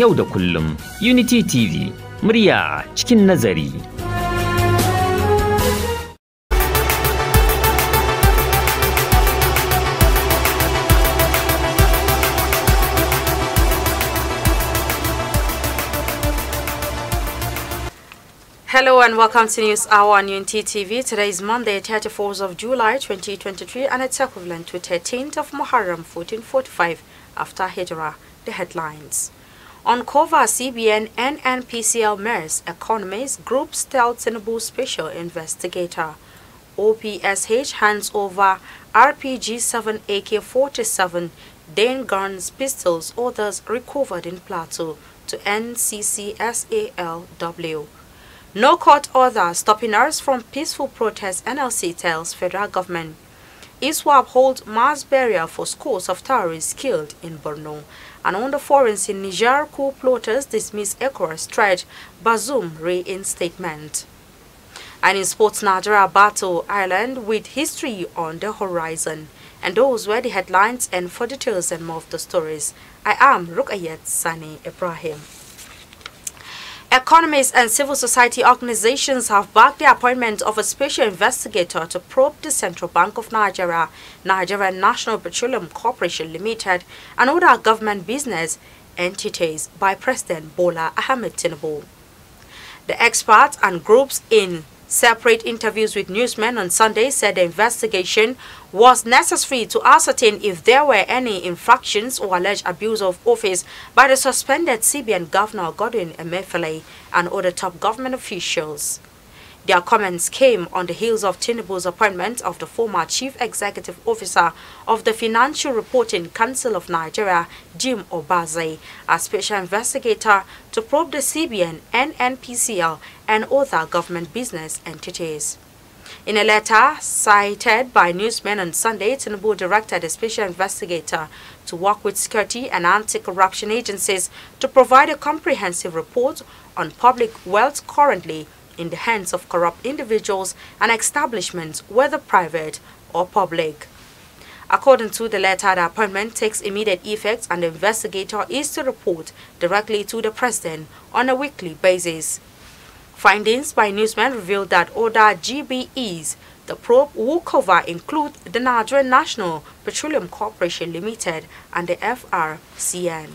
yau da kullum unity tv murya cikin nazari Hello and welcome to News Hour on UNT TV. Today is Monday, 34th of July 2023 and it's equivalent to 13th of Muharram 1445 after Hijra. The headlines. On cover, CBN and NPCL MERS Economies Group tell Tinubu special investigator. OPSH hands over RPG-7 AK-47, Dane guns, pistols, others recovered in Plateau to NCCSALW. No court order stopping us from peaceful protest NLC tells federal government. ISWAP holds mass burial for scores of terrorists killed in Borno. And on the forums in Niger, coup plotters dismiss ECOWAS tried Bazoum reinstatement. And in sports, Nigeria battle Ireland with history on the horizon. And those were the headlines and for details and more of the stories. I am Rukayat Sani Ibrahim. Economists and civil society organizations have backed the appointment of a special investigator to probe the Central Bank of Nigeria, Nigeria National Petroleum Corporation Limited, and other government business entities by President Bola Ahmed Tinubu. The experts and groups in Separate interviews with newsmen on Sunday said the investigation was necessary to ascertain if there were any infractions or alleged abuse of office by the suspended CBN Governor Godwin Emefiele and other top government officials. Their comments came on the heels of Tinubu's appointment of the former Chief Executive Officer of the Financial Reporting Council of Nigeria, Jim Obaze, a special investigator to probe the CBN and NPCL and other government business entities. In a letter cited by newsmen on Sunday, Tinubu directed a special investigator to work with security and anti-corruption agencies to provide a comprehensive report on public wealth currently in the hands of corrupt individuals and establishments, whether private or public. According to the letter, the appointment takes immediate effect and the investigator is to report directly to the president on a weekly basis. Findings by newsmen revealed that other GBEs the probe will cover include the Nigerian National Petroleum Corporation Limited and the FRCN.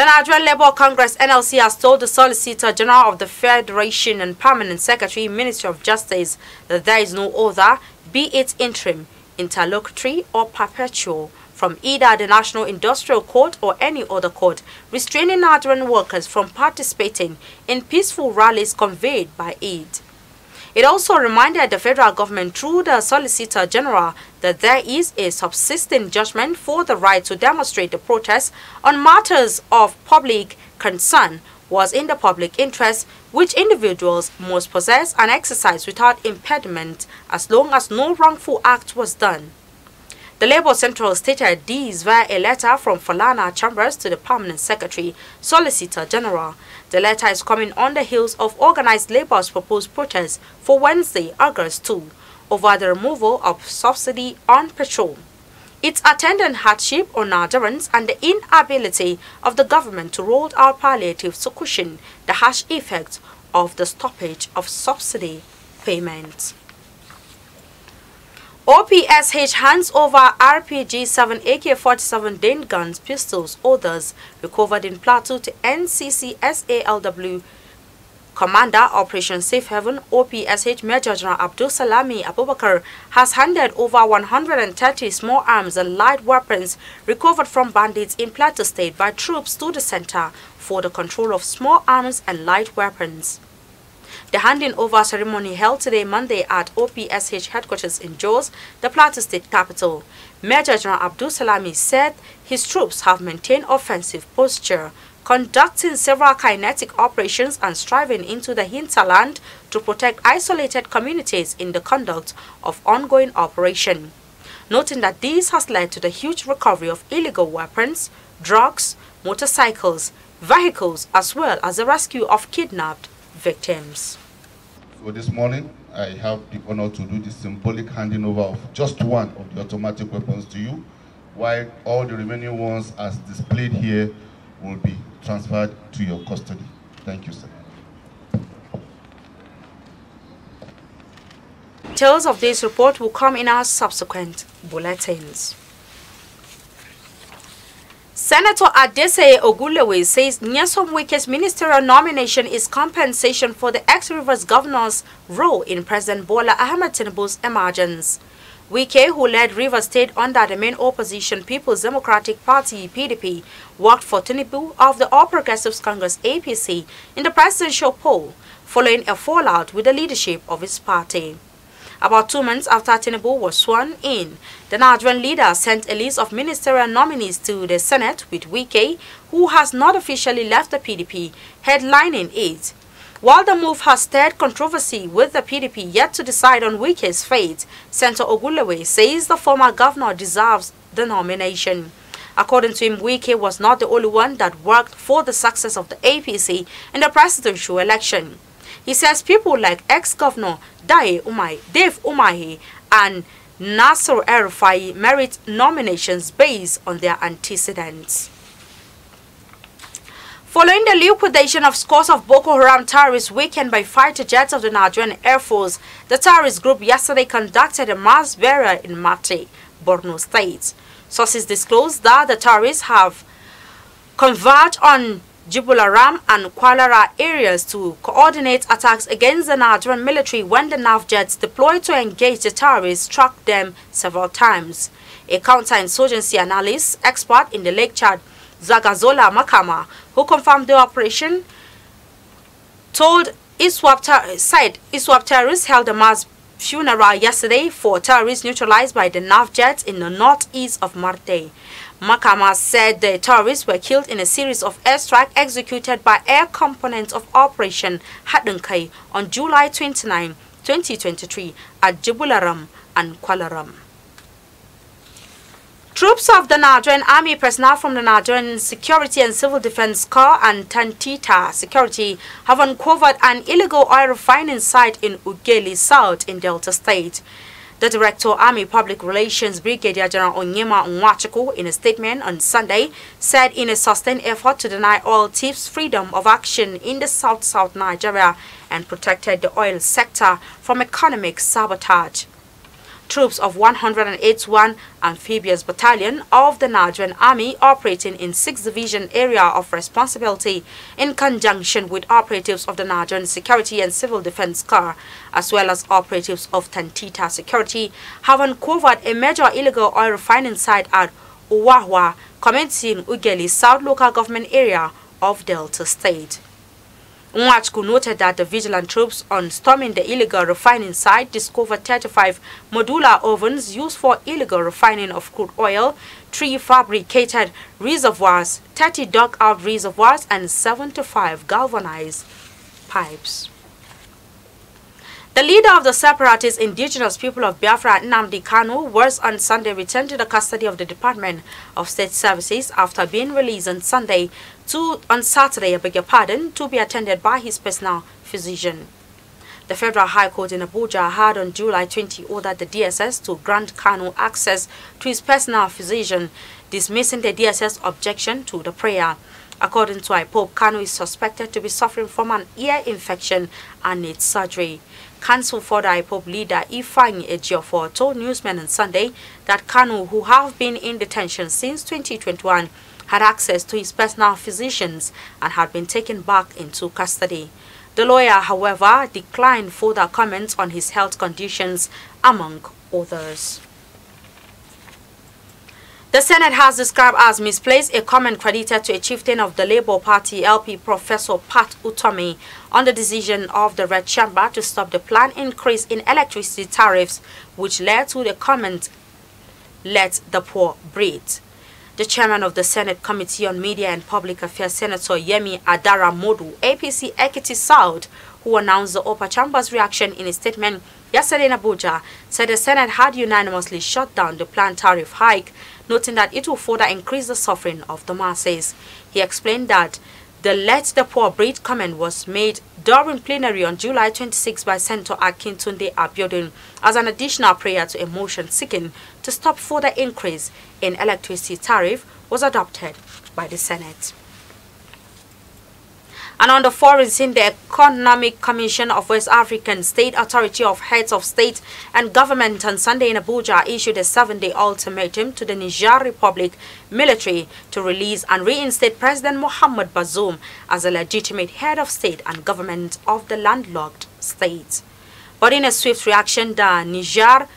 The Nigerian Labour Congress NLC has told the Solicitor General of the Federation and Permanent Secretary Ministry of Justice that there is no order, be it interim, interlocutory or perpetual, from either the National Industrial Court or any other court, restraining Nigerian workers from participating in peaceful rallies conveyed by aid. It also reminded the federal government through the Solicitor General that there is a subsisting judgment for the right to demonstrate the protest on matters of public concern was in the public interest which individuals must possess and exercise without impediment as long as no wrongful act was done. The Labour Central stated these via a letter from Falana Chambers to the Permanent Secretary, Solicitor General. The letter is coming on the heels of organised Labour's proposed protest for Wednesday, August 2, over the removal of subsidy on petrol. Its attendant hardship on Nigerians and the inability of the government to roll out palliatives to cushion the harsh effects of the stoppage of subsidy payments. OPSH hands over RPG-7 AK-47 Dane guns, pistols, others recovered in Plateau to NCCSALW Commander Operation Safe Haven OPSH Major General Abdul Salami Abubakar has handed over 130 small arms and light weapons recovered from bandits in Plateau State by troops to the Center for the Control of Small Arms and Light Weapons. The handing over ceremony held today Monday at OPSH headquarters in Jos, the Plateau State capital. Major General Abdul Salami said his troops have maintained offensive posture, conducting several kinetic operations and striving into the hinterland to protect isolated communities in the conduct of ongoing operation. Noting that this has led to the huge recovery of illegal weapons, drugs, motorcycles, vehicles, as well as the rescue of kidnapped victims. So this morning, I have the honor to do the symbolic handing over of just one of the automatic weapons to you, while all the remaining ones as displayed here will be transferred to your custody. Thank you, sir. Details of this report will come in our subsequent bulletins. Senator Adeseye Ogulewe says Nyasom Wike's ministerial nomination is compensation for the ex-Rivers governor's role in President Bola Ahmed Tinubu's emergence. Wike, who led Rivers State under the main opposition People's Democratic Party PDP, worked for Tinubu of the All Progressives Congress APC in the presidential poll, following a fallout with the leadership of his party. About two months after Tinubu was sworn in, the Nigerian leader sent a list of ministerial nominees to the Senate with Wike, who has not officially left the PDP, headlining it. While the move has stirred controversy with the PDP yet to decide on Wike's fate, Senator Ogulewe says the former governor deserves the nomination. According to him, Wike was not the only one that worked for the success of the APC in the presidential election. He says people like ex-governor Dae Umai, Dave Umahi and Nasser el merit nominations based on their antecedents. Following the liquidation of scores of Boko Haram terrorists weakened by fighter jets of the Nigerian Air Force, the terrorist group yesterday conducted a mass burial in Mate, Borno State. Sources disclosed that the terrorists have converged on Jibularam and Kualara areas to coordinate attacks against the Nigerian military when the NAV jets deployed to engage the terrorists struck them several times. A counterinsurgency analyst, expert in the Lake Chad, Zagazola Makama, who confirmed the operation, told ISWAP, said ISWAP terrorists held a mass funeral yesterday for terrorists neutralized by the NAV jets in the northeast of Marte. Makama said the terrorists were killed in a series of airstrikes executed by air components of Operation Hadunkai on July 29, 2023 at Jibularam and Kualaram. Troops of the Nigerian Army, personnel from the Nigerian Security and Civil Defense Corps and Tantita Security have uncovered an illegal oil refining site in Ugeli South in Delta State. The Director Army Public Relations Brigadier General Onyema Nwachukwu, in a statement on Sunday, said in a sustained effort to deny oil thieves freedom of action in the South-South Nigeria and protected the oil sector from economic sabotage troops of 181 Amphibious Battalion of the Nigerian Army operating in 6th Division Area of Responsibility in conjunction with operatives of the Nigerian Security and Civil Defense Corps, as well as operatives of Tantita Security, have uncovered a major illegal oil refining site at Uwahua, commencing Ugeli South Local Government Area of Delta State. Nwachku noted that the vigilant troops on storming the illegal refining site discovered 35 modular ovens used for illegal refining of crude oil, three fabricated reservoirs, 30 dug-out reservoirs, and 75 galvanized pipes. The leader of the separatist indigenous people of Biafra, Namdi Kanu, was on Sunday returned to the custody of the Department of State Services after being released on Sunday to, on Saturday, I beg your pardon, to be attended by his personal physician. The Federal High Court in Abuja had on July 20 ordered the DSS to grant Kanu access to his personal physician, dismissing the DSS objection to the prayer. According to IPOP, Kanu is suspected to be suffering from an ear infection and needs surgery. Council for the IPOP leader Ifeanyi Ejiofor told newsmen on Sunday that Kanu, who have been in detention since 2021, had access to his personal physicians and had been taken back into custody. The lawyer, however, declined further comments on his health conditions, among others. The Senate has described as misplaced a comment credited to a chieftain of the Labour Party LP Professor Pat Utomi on the decision of the Red Chamber to stop the planned increase in electricity tariffs which led to the comment, let the poor breathe. The chairman of the Senate Committee on Media and Public Affairs, Senator Yemi Adara Modu, APC Ekiti South, who announced the upper chamber's reaction in a statement yesterday in Abuja, said the Senate had unanimously shut down the planned tariff hike, noting that it will further increase the suffering of the masses. He explained that the let the poor breed comment was made during plenary on July 26 by Senator Akintunde Abiodun as an additional prayer to a motion seeking to stop further increase in electricity tariff was adopted by the Senate. And on the foreign scene, the Economic Commission of West African State Authority of Heads of State and Government on Sunday in Abuja issued a seven-day ultimatum to the Niger Republic military to release and reinstate President Mohamed Bazoum as a legitimate head of state and government of the landlocked state. But in a swift reaction, the Niger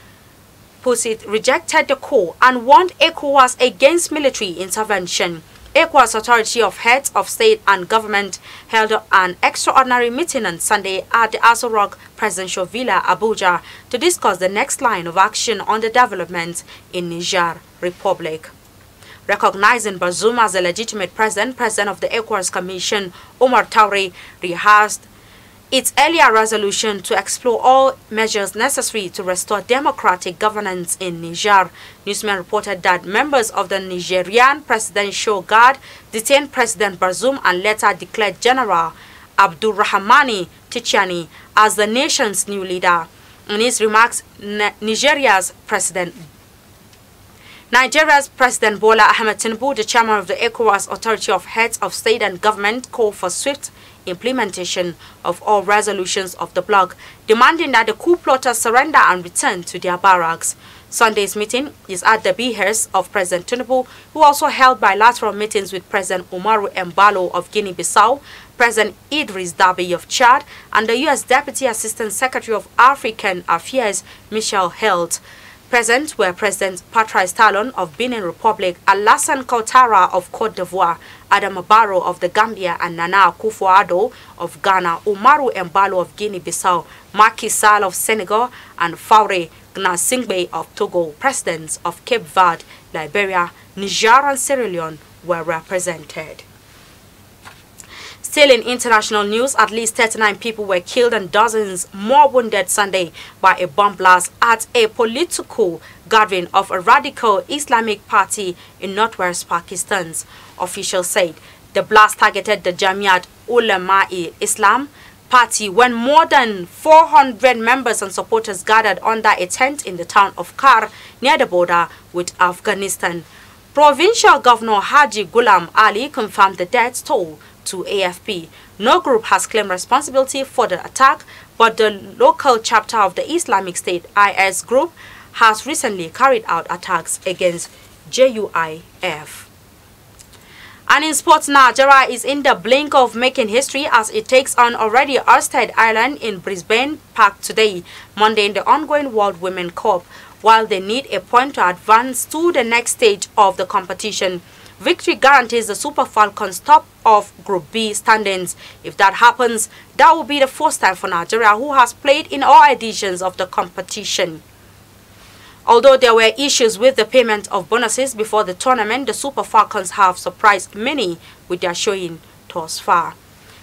Pusit rejected the call and warned ECOWAS against military intervention. ECOWAS Authority of Heads of State and Government held an extraordinary meeting on Sunday at the Aso Rock Presidential Villa, Abuja, to discuss the next line of action on the developments in Niger Republic. Recognizing Bazoum as a legitimate president, President of the ECOWAS Commission, Omar Tauri, rehearsed its earlier resolution to explore all measures necessary to restore democratic governance in Niger. Newsman reported that members of the Nigerian Presidential Guard detained President Bazoum and later declared General Abdurrahmani Tichani as the nation's new leader. In his remarks, Nigeria's President Nigeria's President Bola Ahmed Tinubu, the chairman of the ECOWAS Authority of Heads of State and Government, called for swift implementation of all resolutions of the bloc, demanding that the coup plotters surrender and return to their barracks. Sunday's meeting is at the behest of President Tinubu, who also held bilateral meetings with President Umaru Mbalo of Guinea-Bissau, President Idris Dabi of Chad, and the U.S. Deputy Assistant Secretary of African Affairs, Michelle Held. Present were President Patrice Talon of Benin Republic, Alassane Ouattara of Cote d'Ivoire, Adam Barrow of the Gambia and Nana Akufo-Addo of Ghana, Umaru Mbalo of Guinea-Bissau, Macky Sall of Senegal and Faure Gnassingbé of Togo, presidents of Cape Verde, Liberia, Niger and Sierra Leone were represented. Still in international news, at least 39 people were killed and dozens more wounded Sunday by a bomb blast at a political gathering of a radical Islamic party in northwest Pakistan. Officials said the blast targeted the Jamiat e Islam party when more than 400 members and supporters gathered under a tent in the town of Kar near the border with Afghanistan. Provincial Governor Haji Ghulam Ali confirmed the death toll to AFP. No group has claimed responsibility for the attack, but the local chapter of the Islamic State IS group has recently carried out attacks against JUIF. And in sports, Nigeria is in the blink of making history as it takes on already ousted Island in Brisbane Park today, Monday in the ongoing World Women Cup, while they need a point to advance to the next stage of the competition. Victory guarantees the Super Falcons top of Group B standings. If that happens, that will be the first time for Nigeria, who has played in all editions of the competition. Although there were issues with the payment of bonuses before the tournament, the Super Falcons have surprised many with their showing thus far.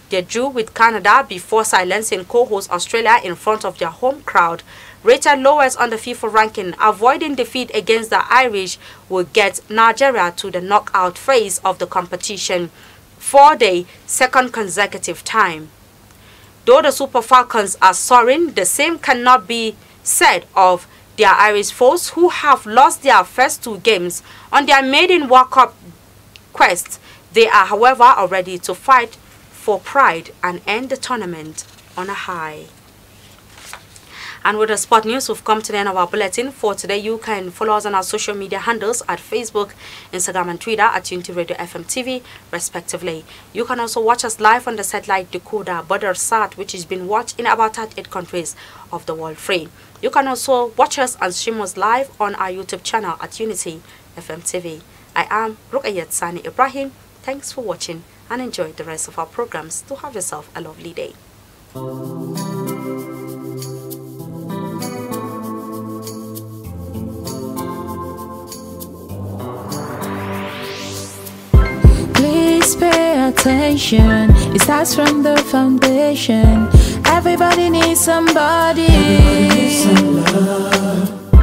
They drew with Canada before silencing co-host Australia in front of their home crowd Richard Lowers on the FIFA ranking, avoiding defeat against the Irish will get Nigeria to the knockout phase of the competition for the second consecutive time. Though the Super Falcons are soaring, the same cannot be said of their Irish foes who have lost their first two games on their maiden World Cup quest. They are, however, already to fight for pride and end the tournament on a high. And with the sport news, we've come to the end of our bulletin. For today, you can follow us on our social media handles at Facebook, Instagram and Twitter at Unity Radio FM TV, respectively. You can also watch us live on the satellite decoder sat, which is being watched in about 38 countries of the world free. You can also watch us and stream us live on our YouTube channel at Unity FM TV. I am Rukayat Sani Ibrahim. Thanks for watching and enjoy the rest of our programs. To have yourself a lovely day. Just pay attention, it starts from the foundation. Everybody needs somebody. Everybody needs some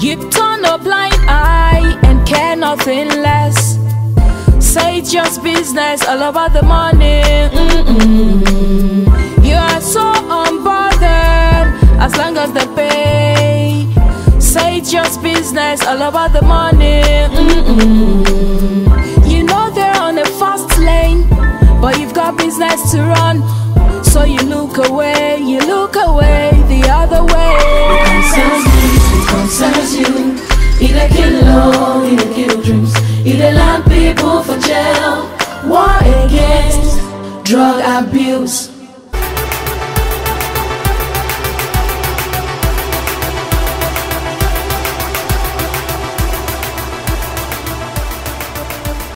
you turn a blind eye and care nothing less. Say it's just business, all about the money. Mm -mm. You are so unbothered as long as they pay. Say it's just business, all about the money. Mm look away, you look away the other way. It concerns me, it concerns you. Either they kill love, either they kill dreams. either land people for jail. War against drug abuse.